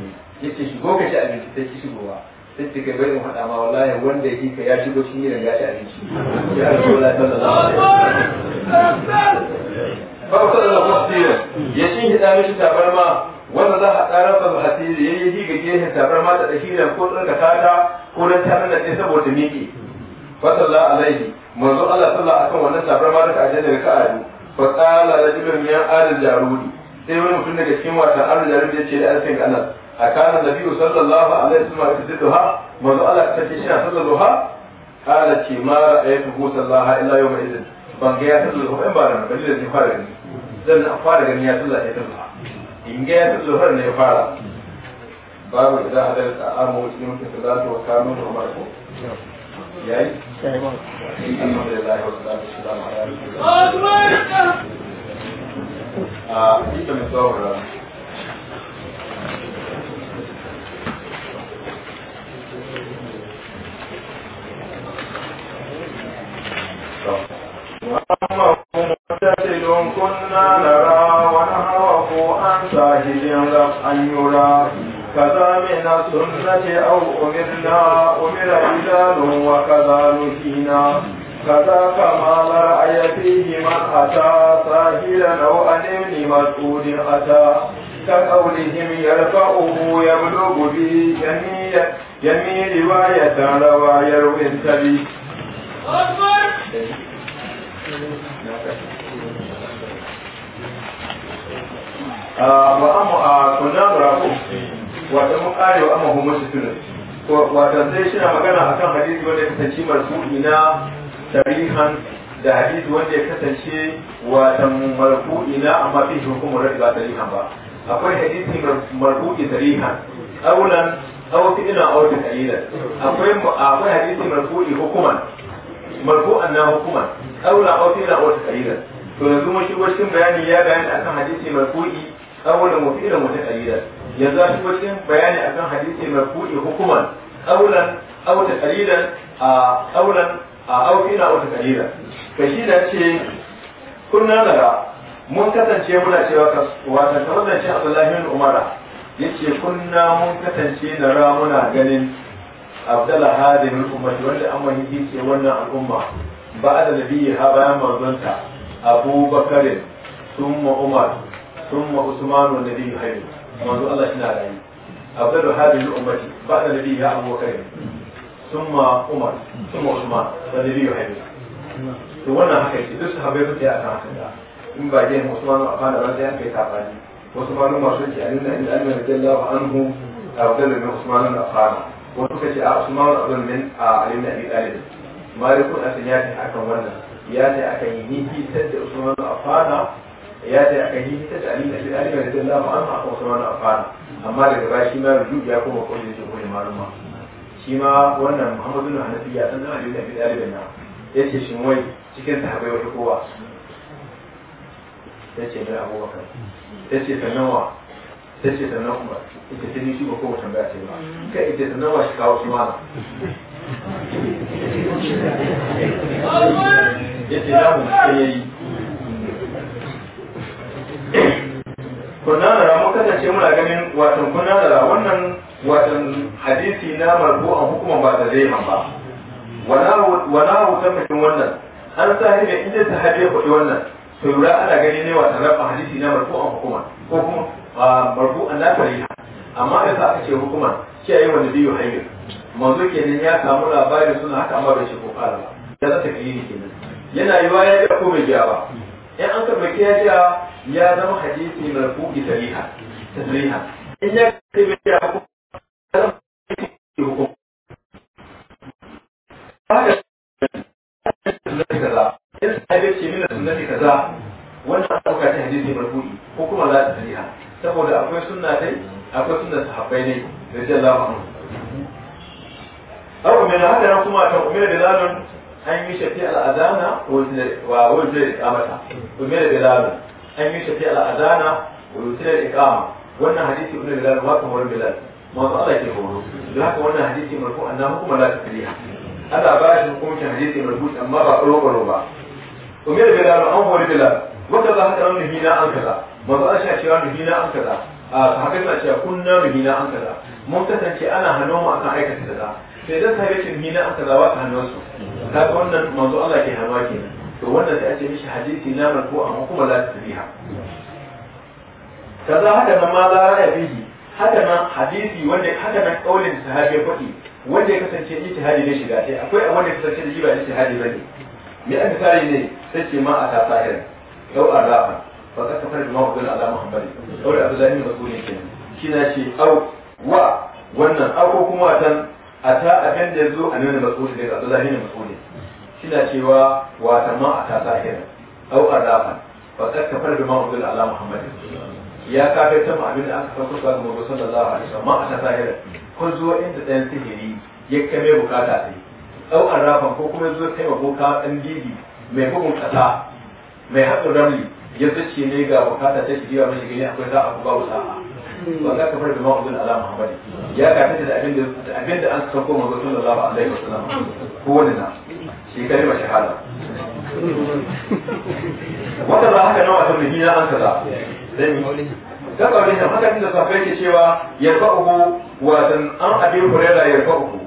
ne ce shigo ka shi abinci sai ki shigowa sai ki ga bayin hada ma wallahi wanda ya ka ya shigo shi ne ya ci abinci ya rasulullahi da alaihi wasallam farko da fasira ya shi hida mishi tabarma wanda za a tsara ba hatiri yayi ga gehen tabarma ta dashi da ko tsarkaka ta ko dan tarin da saboda miki fasalla alaihi manzo Allah sallah akan wannan tabarma da kaje fa qala rajulun sai wani mutum daga cikin watan al jarudi yace da alfin anas akana nabiyyu sallallahu alaihi wasallam manzo Allah ta ce shi sallallahu qala ce ma illa yawma idin ban ga ya sallallahu ba ran da fara dan na fara ya sallallahu ya sallallahu in ga ya sallallahu ne fara babu idan hadal ta'amu wa جاي؟ الحمد لله والصلاة والسلام على رسول الله. آه انت متصور كنا نرى ونعرف عن ساهل أن يرى كذا من السنة أو أمرنا أمر رجال وكذا نهينا كذا كما لا رأي فيه من أتى ساهلا أو عن ابن مسعود أتى كقولهم يرفعه يبلغ به جميع جميع رواية روى يروي السبي وأما كنا نراكم wato mun wa amma homo sifilin sai shi na magana akan hadisi wanda ya kasance marfu'i na tarihan da hadisi wanda ya kasance wato marfu'i amma fi hukumar radi ba tarihan ba akwai hadisi marfu'i tarihan aulan aw fi'lan aw akwai akwai hadisi hukuman na hukuman aulan aw fi'lan aw qalilan to yanzu mun shigo cikin bayani ya bayani akan hadisi marfu'i aulan wa fi'lan yanzu an shigo cikin bayani akan hadisi mai buɗe hukuman aulan au ta kalilan a aulan a au ina au ta kalilan ka shi da ce kunna nara mun kasance muna cewa wata kamar da shi Abdullahi bin Umara ce kunna mun kasance nara muna ganin Abdullah hadin ummati wanda an wani yake wannan al'umma ba da nabiyyi ha bayan manzonta Abu Bakarin thumma Umar thumma Usman wa nabiyyi hayyu manzo Allah shi na rayu abdul hadi ummati ba da nabi ya abu kai summa umar summa usman da nabi ya hadi to wannan haka yake duk sahabbai su a kan haka in ba jin usman a fara ran sai an kai sabani wasu malama sun ce annabi inda annabi radiyallahu anhu abdul bin usman da fara wasu kace a usman abdul min a alim da abi talib malikun asiyati akan wannan ya ce akan yi ni bi da usman a fara ya ce aka yi ta da alina shi da alina da Allah an haka wasu wani afana amma daga baya shi ma rubu ya kuma koyi da koyi maluma shi ma wannan Muhammadu na Hanafi ya san dan alina da alina na yace shi wai cikin sahabbai wata kowa yace da Abubakar yace sannan wa yace sannan kuma ita ce ni shi ba kowace tambaya ce ba kai ita sannan wa shi kawo shi mana yace da mu sai yayi to nazara mun kasance muna ganin watan kun nazara wannan watan hadisi na marfu'an hukuman ba da zai ba wana hoton mutum wannan an sahi da inda ta hadiya kuɗi wannan to yura ana gani ne watan rafa hadisi na marfu'an hukuma. ko kuma marfu'an na tarihi amma da sa aka ce hukuma shi ayi wani biyu hanyar manzo kenan ya samu labarin suna haka amma bai ce ko fara ba da za ta kalili kenan yana yiwa ya ga ko bai ba in an ka ya ya ya zama hadisi marfu'i sariha tasriha in ya kace bai ya ku haka sunnati kaza wannan dauka ta hadisi ko kuma la tasriha saboda akwai sunna dai akwai sunna sahabbai ne radiyallahu anhu an yi shafi al'adana wa wajen da kamata umira an yi shafi al'adana wa yusirar ikama wannan hadisi ibn bilal wa wani bilal manzo Allah ke horo da haka wannan hadisi marfu annahu kuma la tasliha Allah ba shi hukuncin hadisi marfu amma ba ƙoro ba umar bilal an hori bilal wanda za haka an nuhina an kaza manzo Allah shi cewa nuhina an kaza a hakika cewa kunna nuhina an kaza mun kasance ana hano mu akan aikata kaza sai dan sai ce nuhina an kaza wa ta hannunsu wannan manzo Allah ke hanwa kenan to wannan da ake mishi hadisi na marfu amma kuma la tasriha kaza haka nan ma za a ya bihi haka nan hadisi wanda haka nan kaulin sahabi kuɗi wanda ya kasance ijtihadi ne shiga sai akwai wanda ya kasance da shi ba ijtihadi bane me an misali ne sai ce ma a ta sahirin lau a rafa fa ka tafar da mawudin ala muhammadi saboda abu zai ne masuni kenan shi na ce au wa wannan au ko kuma watan a ta abin da ya zo a nuna masuni daga abu zai ne masuni Kina cewa wa tamma a ta zahira au arrafan ba kad kafara bima unzila ala Muhammad ya kafir ta ma abin da aka sauko ga manzo sallallahu alaihi wasallam ma a ta zahira ko zuwa inda dan sihiri ya kame bukata sai au arrafan ko kuma zuwa kai boka dan gidi mai bugun kasa mai haɗin ramli ya zace ne ga bukata ta shi ba mai gani akwai za a ku babu sa'a ka kafar da ma'udul ala Muhammad ya kafita da abin da abin da an sauko manzo sallallahu alaihi wasallam ko wani na shi kalmar shahada wanda za haka nawa ta na an kaza zai ta kawai da haka da safai ke cewa yarfa'uhu wa wasan' an abin hurera yarfa'uhu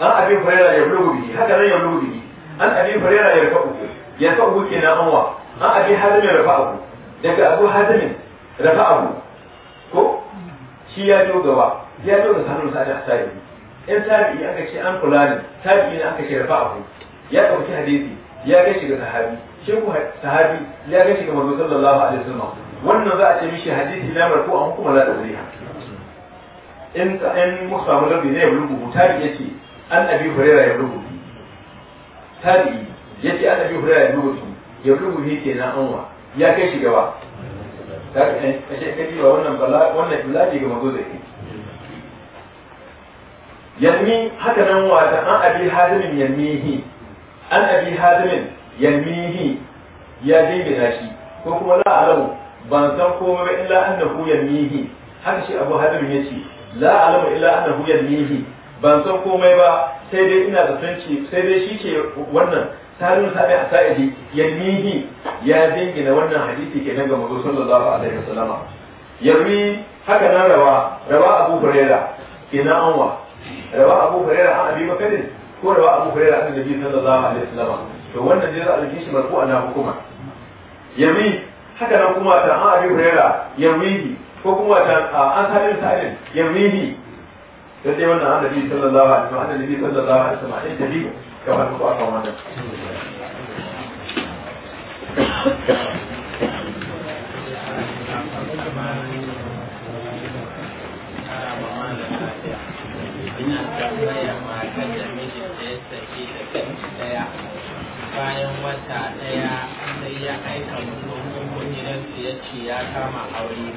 an abin hurera yarfa'uhu bihi haka nan yarfa'uhu bihi an abin hurera yarfa'uhu yarfa'uhu kenan anwa an abin hazim yarfa'uhu daga abu hazimin rafa'ahu ko shi ya jo gaba ya jo ga sanin sa'ad asari in tabi'i aka ce an fulani tabi'i ne aka ce rafa'ahu ya ɗauki hadisi ya gaishe ga sahabi shi ku sahabi ya gaishe ga manzo sallallahu alaihi wasallam wannan za a ce mishi hadisi na marfu an kuma la tasriha in in muka samu lafi ne ya rubu tabi yace an abi hurairah ya rubu tabi yace an abi hurairah ya rubu ya rubu ne kenan anwa ya kai shi gaba ta ce kai wa wannan bala wannan bilaji ga manzo zai yanni haka nan wa ta an abi hadimin yannihi an abi ya yalmihi ya da shi ko kuma la alamu ban san komai ba illa annahu yalmihi har shi abu ya ce la alamu illa annahu yalmihi ban san komai ba sai dai ina da sanci sai dai shi ke wannan tarin sabi a sa'idi yalmihi ya jingina wannan hadisi nan ga manzo sallallahu alaihi wasallama yarwi haka nan rawa rawa abu hurairah ina anwa rawa abu hurairah an abi bakarin ko da abu hurairah an nabi sallallahu alaihi wasallam to wannan ne za a dauke shi marfu na hukuma yami haka nan kuma ta an abi hurairah yamihi ko kuma ta an salim yami yamihi sai dai wannan annabi sallallahu alaihi wasallam annabi sallallahu alaihi wasallam ai tabi kamar ku aka wannan ina tambaya ma kada daya bayan wata ɗaya sai ya aika mutumin gidansu ya ce ya kama aure ne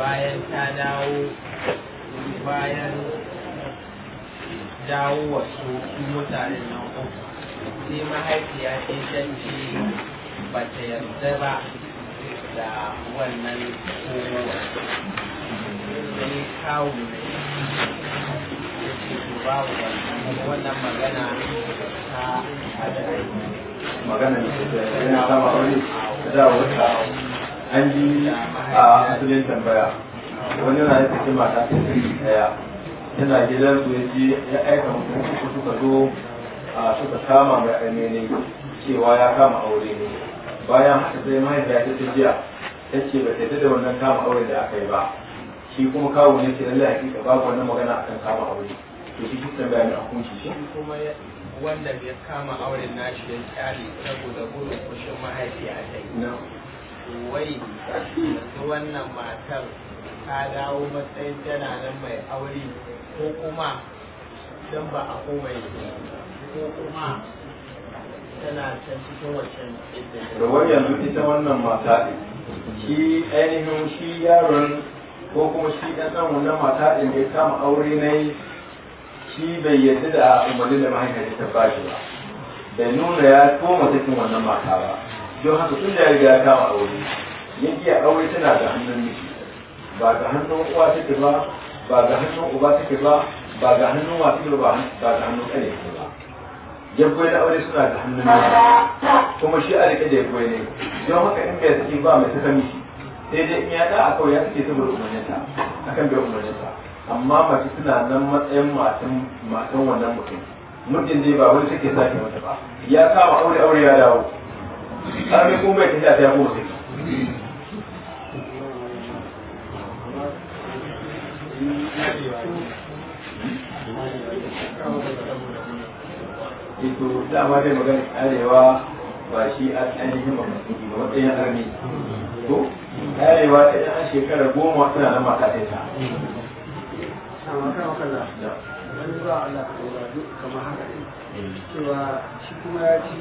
bayan ta dawo bayan dawo wasu mutanen nan uku sai mahaifiya ce ta ce ba ta yarda ba da wannan kowa sai kawo mai wannan magana ta magana da yana sama wani da wata an ji a asalin tambaya wani yana da cikin mata ta cikin daya yana gidan su yaji ya aika mutum su suka zo a suka kama mai aimene cewa ya kama aure ne bayan haka sai mahaifiyar ta jiya ta ce ba ta da wannan kama aure da aka yi ba shi kuma kawo ne ce lallai hakika babu wannan magana akan kama aure to shi kisan bayan hukunci shi kuma wanda ya kama auren nashi ya kyale saboda gudun kushin mahaifiya ta yi wai yanzu wannan matar ta dawo matsayin tana nan mai aure ko kuma don ba a komai ko kuma tana can cikin wancan da wani yanzu ita wannan mata shi ainihin shi yaron ko kuma shi ɗan ɗan wannan mata ɗin da ya kama aure na yi shi bai yadda da umarnin da mahaifiyar ta ba shi ba bai nuna ya koma cikin wannan mata ba don haka tun da ya riga ya kama aure ya iya aure tana da hannun miji ba ga hannun uwa take ba ba ga hannun uba take ba ba ga hannun wasu ba ba ga hannun ƙane ba jabbai da aure suna da hannun miji kuma shi a rike da ya ne don haka in bai saki ba mai saka miji daidai in ya da kawai ya suke saboda umarninta akan bai umarninta amma mace suna nan matsayin matan matan wannan mutum mutum dai ba wani take sake mata ba ya kama aure aure ya dawo sami kuma bai tafiya ta goma sai ito eh, ma dai magana arewa ba shi ainihin mamaki ba matsayin armi ko karewa ta yan an shekara goma suna nan mata ta cewa shi kuma ya ci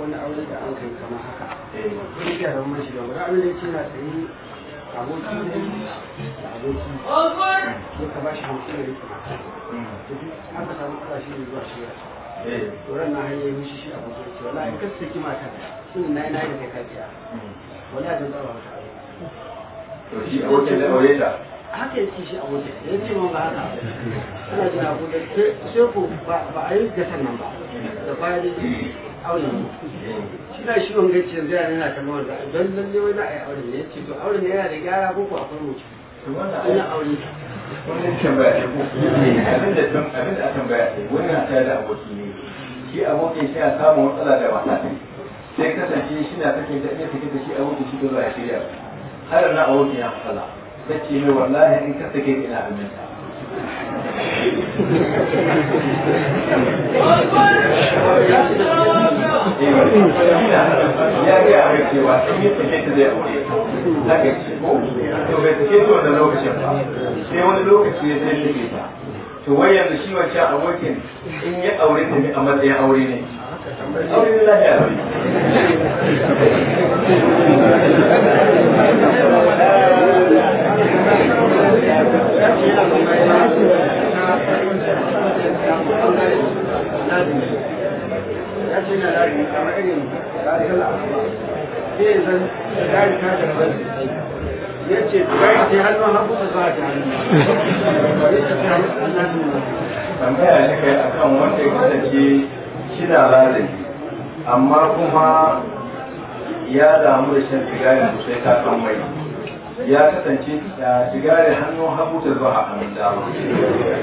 wani aure da an kai kamar haka wani gyara mun shi da wani aure ce na tsaye aboki ne da aboki ko ka ba shi hankali da yake mata haka samu kala shi ne zuwa shi ya tsoron na hanyar mishi shi abokin cewa na in kasta kima ta sun na yi na yi da kafiya wani a ba. to shi abokin da aure ta haka yake shi abokin ya ce ma ba haka ana jira abokin sai ko ba a yi gasar nan ba da baya da aure shi na shi wanga ce zai yana kalmar da don lalle wani a yi aure ne ya ce to aure ne yana da gyara ko ko akwai mutu ina aure wani tambaya ce ko abin da abin da tambaya ce wani na tare da aboki ne shi abokin shi a samu matsala da mata sai kasance shi na kake da iya kake da shi abokin shi da zuwa ya shirya har na auki ya fala nace mai wallahi in ka sake ina aminta eh, ya ga ya ce wa shi ne take da aure ta ga ce ko oh, to bai take to da lokacin ba sai wani lokaci ya sai take ta to wai yanzu shi wancan abokin in ya aure ta ne a matsayin aure ne tambaya ne kai akan wanda ya kasance shida rarrabe amma kuma ya damu da shan sigarin sosai ta kan mai ya kasance da sigari hannun hagu da zuwa hannun dama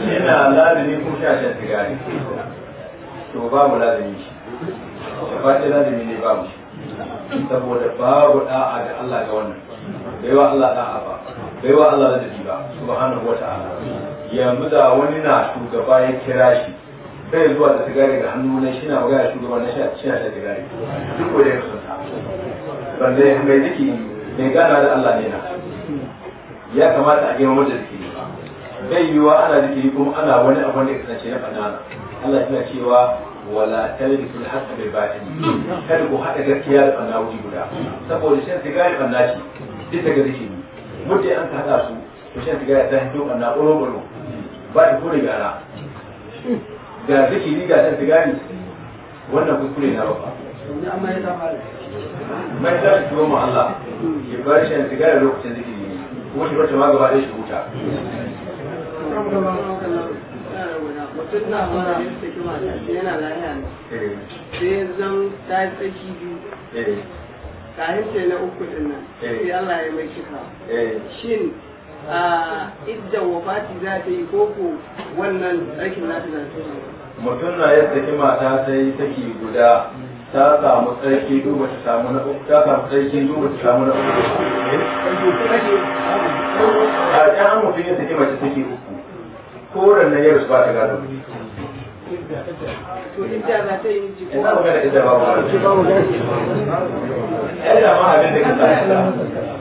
yana lalini kuma sha shan sigari to babu lalini shi da fashe lalini ne babu shi saboda babu da'a ga Allah ga wannan bai wa Allah da'a ba bai wa Allah da ba subhanahu wa ta'ala yanzu da wani na shugaba ya kira shi sai zuwa da sigari da hannu na shi na magana shugaba na shi na sigari duk ko da ya kusanta wanda ya hangai ziki mai gana da Allah ne na ya kamata a gema mata zikiri bai yiwa ana zikiri kuma ana wani abu da kasance na fadana Allah yana cewa wala talbisu al-haqqa bil batil kada ku haɗa gaskiya da banna wuri guda saboda shan sigari banna ce bisa ga zikiri mutum an ka haɗa su ku shan sigari ta hito banna ɓoro-ɓoro ba da kore gara ga zikiri ga ta gani wannan kuskure na rafa mai da shi mu Allah ya bar shi sigara lokacin zikiri kuma shi wata ma da shi huta mutum ce na uku din nan Allah ya mai shika eh. a idda wafati za ta yi koko wannan aikin mutum na yadda kima ta ta yi take guda ta samu tsarki duba ta samu na uku ta samu tsarki duba ta samu na uku a kyan mutum yadda take ta ke uku koren na ba ta gado ina ba. ma abin da sa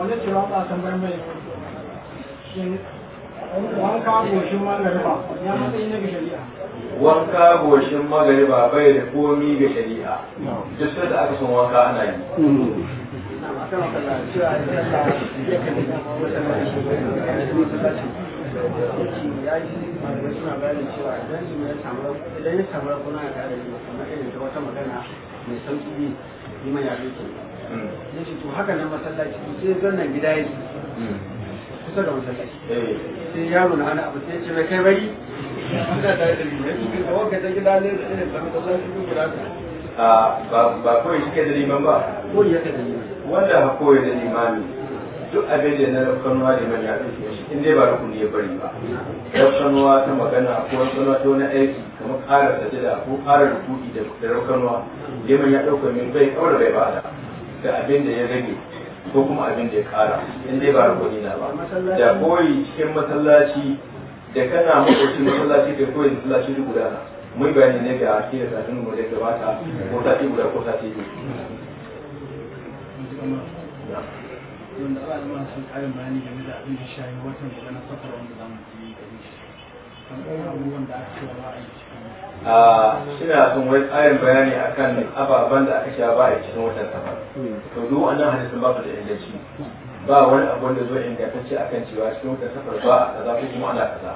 wanka goshin magariba ya magariba bai da komi ga shari'a duk sai da aka san wanka ana yi wata magana mai sauki ne ya ce to haka nan masallaci sai zannan gida ya ce kusa da masallaci sai yaro na wani abu sai ce mai kai bari ana tare da liman ya ce wanka ta gida ne da irin samun masallaci duk guda ba kawai shi ke da liman ba ko ya ka da liman wanda ha koyi da limani duk abin da na da liman ya ɗauke shi in dai ba rukuni ya bari ba rafkanuwa ta magana ko rafkanuwa ta wani aiki kamar ƙara sajada ko ƙara rukuki da rafkanuwa liman ya ɗauka min bai ƙaura bai ba da da abin da ya rage ko kuma abin da ya kara in dai ba rukuni na ba da koyi cikin masallaci da kana mutunci masallaci da koyi masallaci duk guda na mun bayani ne ga aki da satin mu da gabata ko sati guda ko sati biyu wanda ba zama sun karin bayani game da abin da shayi watan da na safar wanda zamu ji a suna son wani tsarin bayani akan ababen da aka sha ba a cikin watan safar to duk wannan hadisin ba su da inganci ba wani abu da zo ingantacce akan cewa cikin watan safar ba a kaza ko kuma ana kaza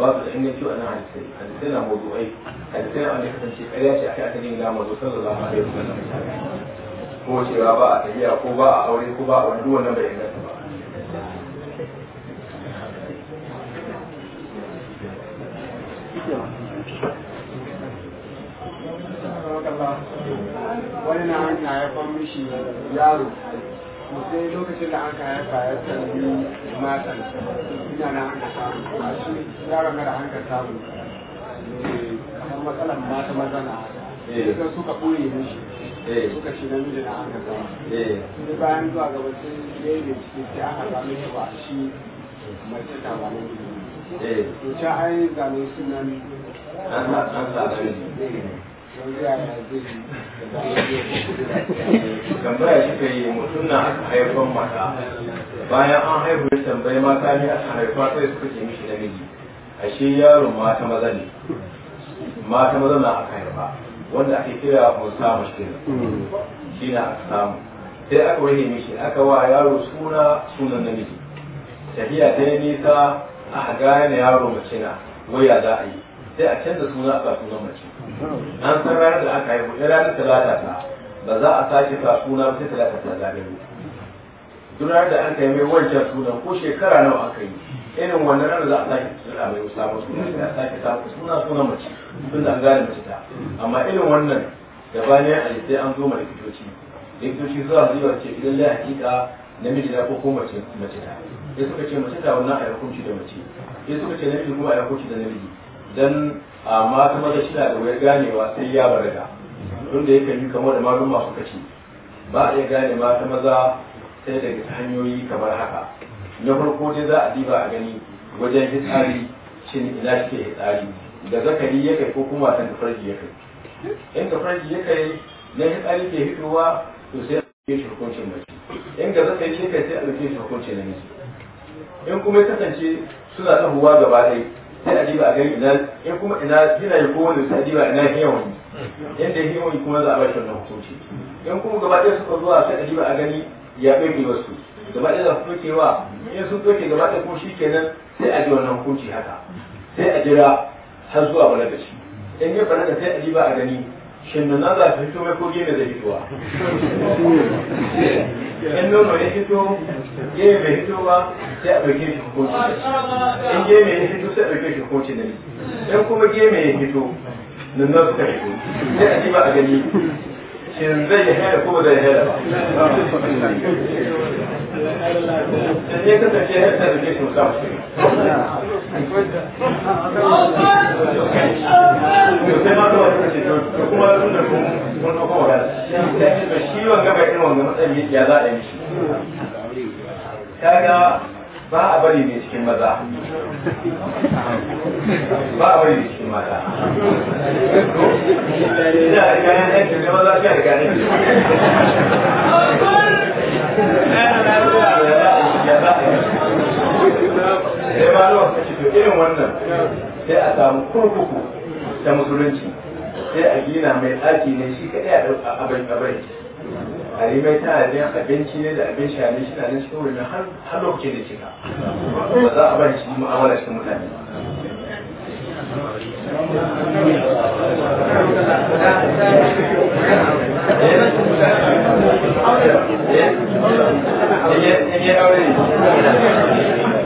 ba su da inganci wannan hadisai hadisai na mawdu'ai hadisai na wanda kasance karya ce akai aka jingina mazo sallallahu alaihi wasallam ko cewa ba a tafiya ko ba a aure ko ba a wani duk wannan bai inganta wani na an ka haifa mishi yaro to sai lokacin da an ka haifa ya tambi matan ina na an ka samu a shi yaron da an ka samu eh, kamar matsalan mata maza na haka eh. suka ɓoye mishi eh. suka shi na namiji na an ka samu sai bayan zuwa gaba sai ya yi ciki sai aka samu shi ba shi mace ta ba namiji to ca ai zane sunan tambaya shi ka yi mutum na aka haifan mata bayan an haihu ya tambayi mata ne aka haifa kai suka ce mishi namiji ashe yaron mata maza ne mata maza na aka haifa wanda ake kira musa mushkil shi na aka samu sai aka wahe mishi aka wa yaro suna sunan namiji tafiya ta yi nisa aka gane yaro mace na waya za a yi sai a canza suna a sunan mace an san ranar da aka haihu ɗan ranar talata ta ba za a sake sa suna sai talata ta ne duk ranar da an kai mai wancan sunan ko shekara nawa aka yi irin wannan ranar za a sake suna mai ba suna sai a sake sa suna suna mace tun da an gane mace ta amma irin wannan da bayan a sai an zo ma likitoci likitoci zuwa zuwa ce idan lai hakika namiji na ko ko mace ta ya suka ce mace ta wannan a hukunci da mace ya suka ce namiji kuma a hukunci da namiji dan amma kuma maza shida da wai ganewa sai ya balaga tunda yake yi kamar da malum masu kaci ba a iya gane mata ta maza sai daga hanyoyi kamar haka na farko dai za a diba a gani wajen hitsari shin ina shi ke hitsari da zakari ya kai ko kuma san farji ya kai in farji ya kai na hitsari ke hidowa to sai a ɗauke shi hukuncin mace in ga zakari ya kai sai a ɗauke shi hukuncin namiji in kuma ya kasance suna huwa gaba ɗaya sai a diba gani ina in kuma ina jina ya kowane sai a diba ina hewani yadda hewani kuma za a bashi wannan hukunci in kuma gaba ɗaya suka zuwa sai a diba a gani ya ɗauke wasu gaba ɗaya za su ɗaukewa in sun ɗauke gaba ɗaya kuma shi kenan sai a ji wannan hukunci haka sai a jira har zuwa balagaci in ya balaga sai a diba a gani shin nan za ta fito mai koge ne zai fitowa in nono ya fito gemi mai fito ba sai a ɗauke shi hukunci in gemi ya fito sai a ɗauke shi hukunci ne in kuma gemi ya fito nan za su ta fito sai a ji ba a gani shin zai yi haila ko ba zai haila ba in ya kasance haila ta ɗauke shi musamman sai ma kaga ba a bari ne cikin maza ba a bari ne cikin maza ina da kayan aiki ne maza shi a da kayan aiki sai malon ta ce to irin wannan sai a samu kurkuku ta musulunci sai a gina mai ɗaki ne shi kaɗai a abin abai a yi mai tanadin abinci ne da abin sha ne shina nan cikin wurin har lokacin da cika ba za a bari shi mu'amala cikin mutane Yeah.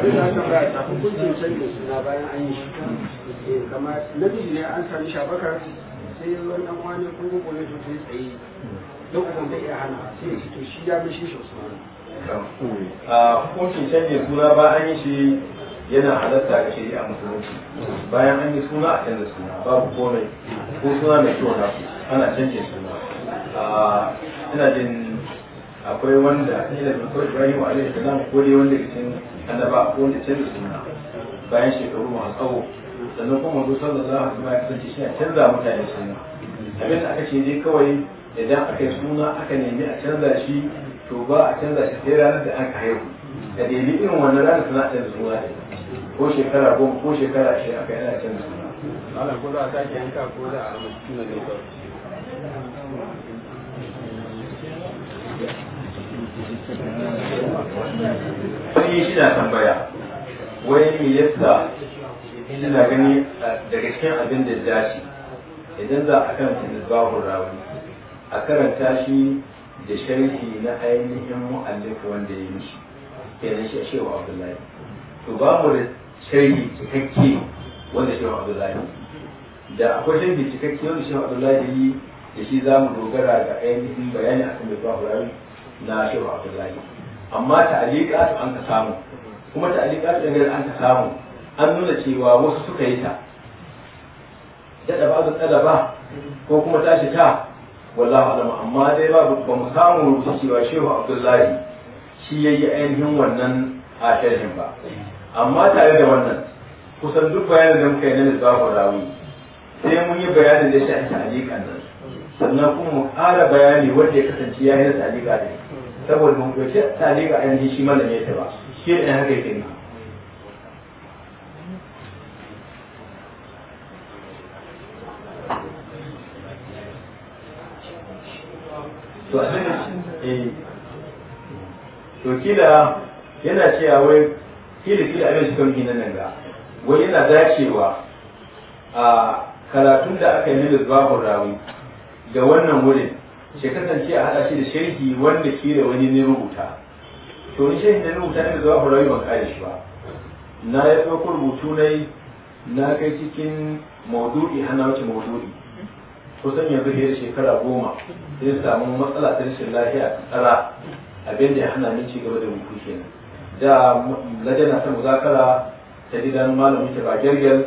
abin da aka baya kafin kuncin canjin suna bayan an yi shi kamar namiji ne an sami shabakar sai wani dan wani ko ko ne to tsaye don uban bai iya hana sai ya to shi ya bi shi sosai hukuncin canjin suna ba an yi shi yana halatta ga a musulunci bayan an yi suna a canza suna babu komai ko suna mai kyau na ana canjin suna ina jin akwai wanda ina da kawai ibrahim alaihi salam ko dai wanda cikin annaba ko da canza suna bayan shekaru masu tsawo sannan kuma manzo sallallahu alaihi wasallam ya kasance shi a canza mutane suna abin da aka ce dai kawai idan aka yi suna aka nemi a canza shi to ba a canza shi sai ranar da aka haihu da daidai irin wannan ranar suna canza suna ne ko shekara goma ko shekara ashirin aka yana canza suna. Malam ko za a sake yanka ko za a amince da zai sai shi na tambaya wai me yasa ina gani daga cikin abin da ci idan za a karanta misbahun rawi a karanta shi da sharhi na ainihin mu'allif wanda ya yi shi kenan shi a shewa abdullahi to ba mu da sharhi cikakke wanda shewa abdullahi da akwai sharhi cikakke wanda shewa abdullahi yi da shi za mu dogara ga ainihin bayani akan misbahun rawi na shehu abdullahi amma su an ka samu kuma ta'aliqatu da an ka samu an nuna cewa wasu suka yi ta daɗa ba su tsada ba ko kuma tashi ta wallahu alama amma dai ba ba mu samu rubutu cewa shehu abdullahi shi ya yi ainihin wannan a sharhin ba amma tare da wannan kusan duk bayanin da muka yi na misbahu rawi sai mun yi bayanin da shi a ta'aliqan nan sannan kuma mu ƙara bayani wanda ya kasance ya yi na ta'aliqa da saboda mun ɗauki tsare ga ainihin shi malami ta ba shi da haka yake ne to eh, to kila yana cewa wai kila kila abin kan gina nan ga wai yana dacewa a karatun da aka yi na da rawi ga wannan wurin shi kasance a haɗa shi da sharhi wanda ke da wani ne rubuta to ni sharhi da rubuta ne da zuwa hulawi ban kare shi ba na ya ɗauko rubutu ne na kai cikin maudu'i ana wace maudu'i kusan yanzu fiye da shekara goma sai samu matsala ta rashin lafiya a tsara abin da ya hana ni ci gaba da rubutu kenan da ladana ta muzakara ta gidan malamin ta ba gergel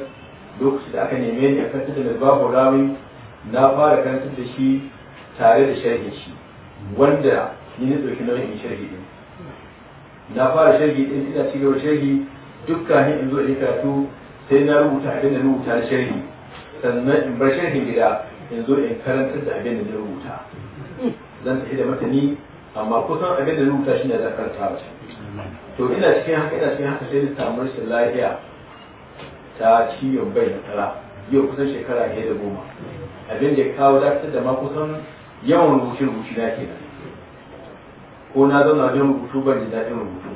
lokacin da aka neme ni a kan tattalin babu rawi na fara kan da shi tare da sharhin shi wanda ni na ɗauki nauyin sharhi din na fara sharhi din ina cikin gaba sharhi ni in zo in karatu sai na rubuta abin da rubuta na sharhi sannan in bar sharhin gida in zo in karanta da abin da na rubuta zan tafi da ni amma kusan abin da rubuta shi ne zan karanta ba to ina cikin haka ina cikin haka sai na samu rashin lafiya ta ciwon bai na tara yau kusan shekara ke da goma abin da ya kawo dakatar da ma kusan yawan rubuce rubuce na ke ko na zauna jin rubutu ban da daɗin rubutu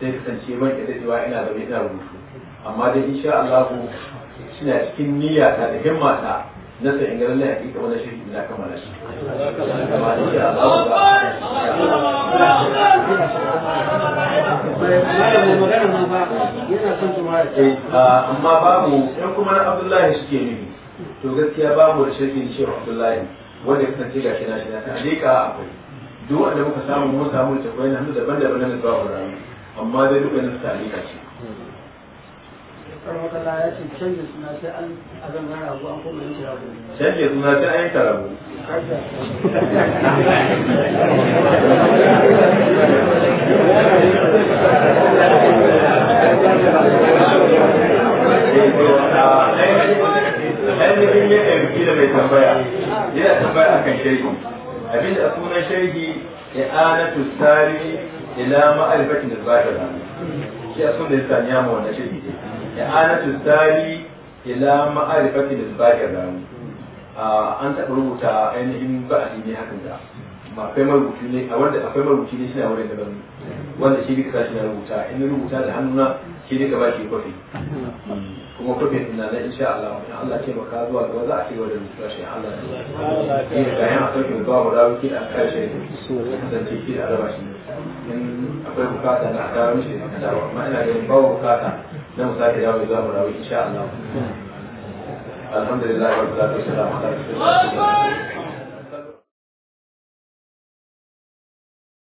sai kasance man da cewa ina da ina rubutu amma dai insha Allah suna cikin niyya ta da himma ta na sai in ga lallai hakika wannan shiri ina kammala shi amma insha Allah eh, ah, amma babu ɗan kuma na Abdullahi ke nufi to gaskiya babu da shirkin shi Abdullahi wanda kasance ga shi na shi na ta alika akwai duk wanda muka samu mun samu da tafiya na hannu daban-daban na zuwa wurare amma dai duk wani ta alika ce canje suna sai an azan rago an kuma yanke rago canje suna sai an yanke rago Thank you. ainihin ya ɗauki da mai tambaya yana tambaya akan shaidu Abin a sunan shaidu i'anatu sari ila ma'arifatin da zakara shi a sunan da sanya ma wannan shaidu i'anatu sari ila ma'arifatin da zakara an taɓa rubuta ainihin ba'adi ne hakan da akwai marubuci ne a wanda akwai marubuci ne suna wurin daban wanda shi duka sashi na rubuta in rubuta da hannuna shi duka ba shi kwafi hmm. kuma kudin na na insha Allah in Allah ce maka zuwa ga za a ci wajen mutuwa shi Allah ne yi da yan akwai kin ba mu dawo ki da kai shi so da ce ki da raba shi in akwai bukata na dawo shi da dawo amma ina ganin ba bukata na mu sake dawo zuwa mu dawo insha Allah alhamdulillah wa salatu wassalamu ala rasulillah